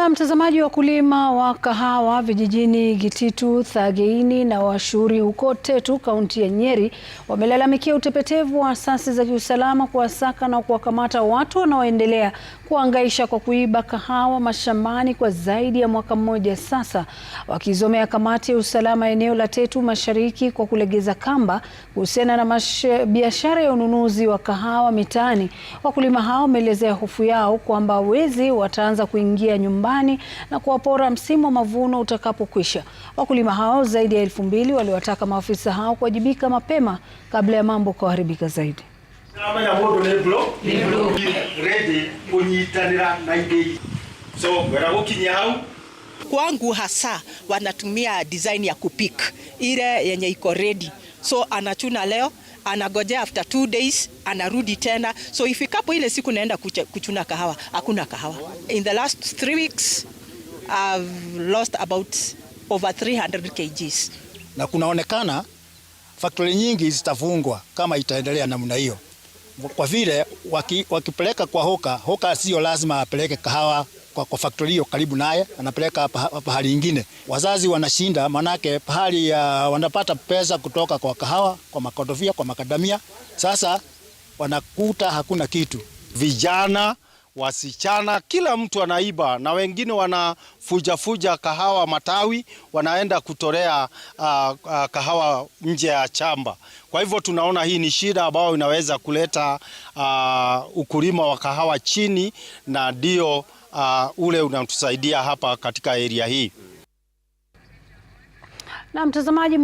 Na mtazamaji, wakulima wa kahawa vijijini Gititu, Thageini na Washuri huko Tetu, kaunti ya Nyeri wamelalamikia utepetevu wa asasi za kiusalama kuwasaka na kuwakamata watu wanaoendelea kuangaisha kwa kuiba kahawa mashambani kwa zaidi ya mwaka mmoja sasa, wakizomea kamati ya usalama eneo la Tetu Mashariki kwa kulegeza kamba kuhusiana na biashara ya ununuzi wa kahawa mitaani. Wakulima hao wameelezea hofu yao kwamba wezi wataanza kuingia nyumbani shambani na kuwapora msimu wa mavuno utakapokwisha. Wakulima hao zaidi ya elfu mbili waliwataka maafisa hao kuwajibika mapema kabla ya mambo kuharibika zaidi. Kwangu hasa wanatumia design ya kupik ile yenye iko ready, so anachuna leo anagojea after two days anarudi tena. So ifikapo ile siku naenda kuchuna kahawa, hakuna kahawa. In the last three weeks I've lost about over 300 kgs, na kunaonekana factory nyingi zitafungwa kama itaendelea namna hiyo, kwa vile wakipeleka waki kwa hoka hoka, sio lazima apeleke kahawa kwa, kwa factory hiyo karibu naye, anapeleka pahali nyingine. Wazazi wanashinda, manake pahali ya uh, wanapata pesa kutoka kwa kahawa, kwa makotofia, kwa makadamia. Sasa wanakuta hakuna kitu vijana wasichana, kila mtu anaiba, na wengine wanafujafuja kahawa matawi, wanaenda kutorea uh, ah, uh, ah, kahawa nje ya chamba. Kwa hivyo tunaona hii ni shida ambayo inaweza kuleta uh, ukulima wa kahawa chini, na ndio uh, ule unatusaidia hapa katika eria hii na mtazamaji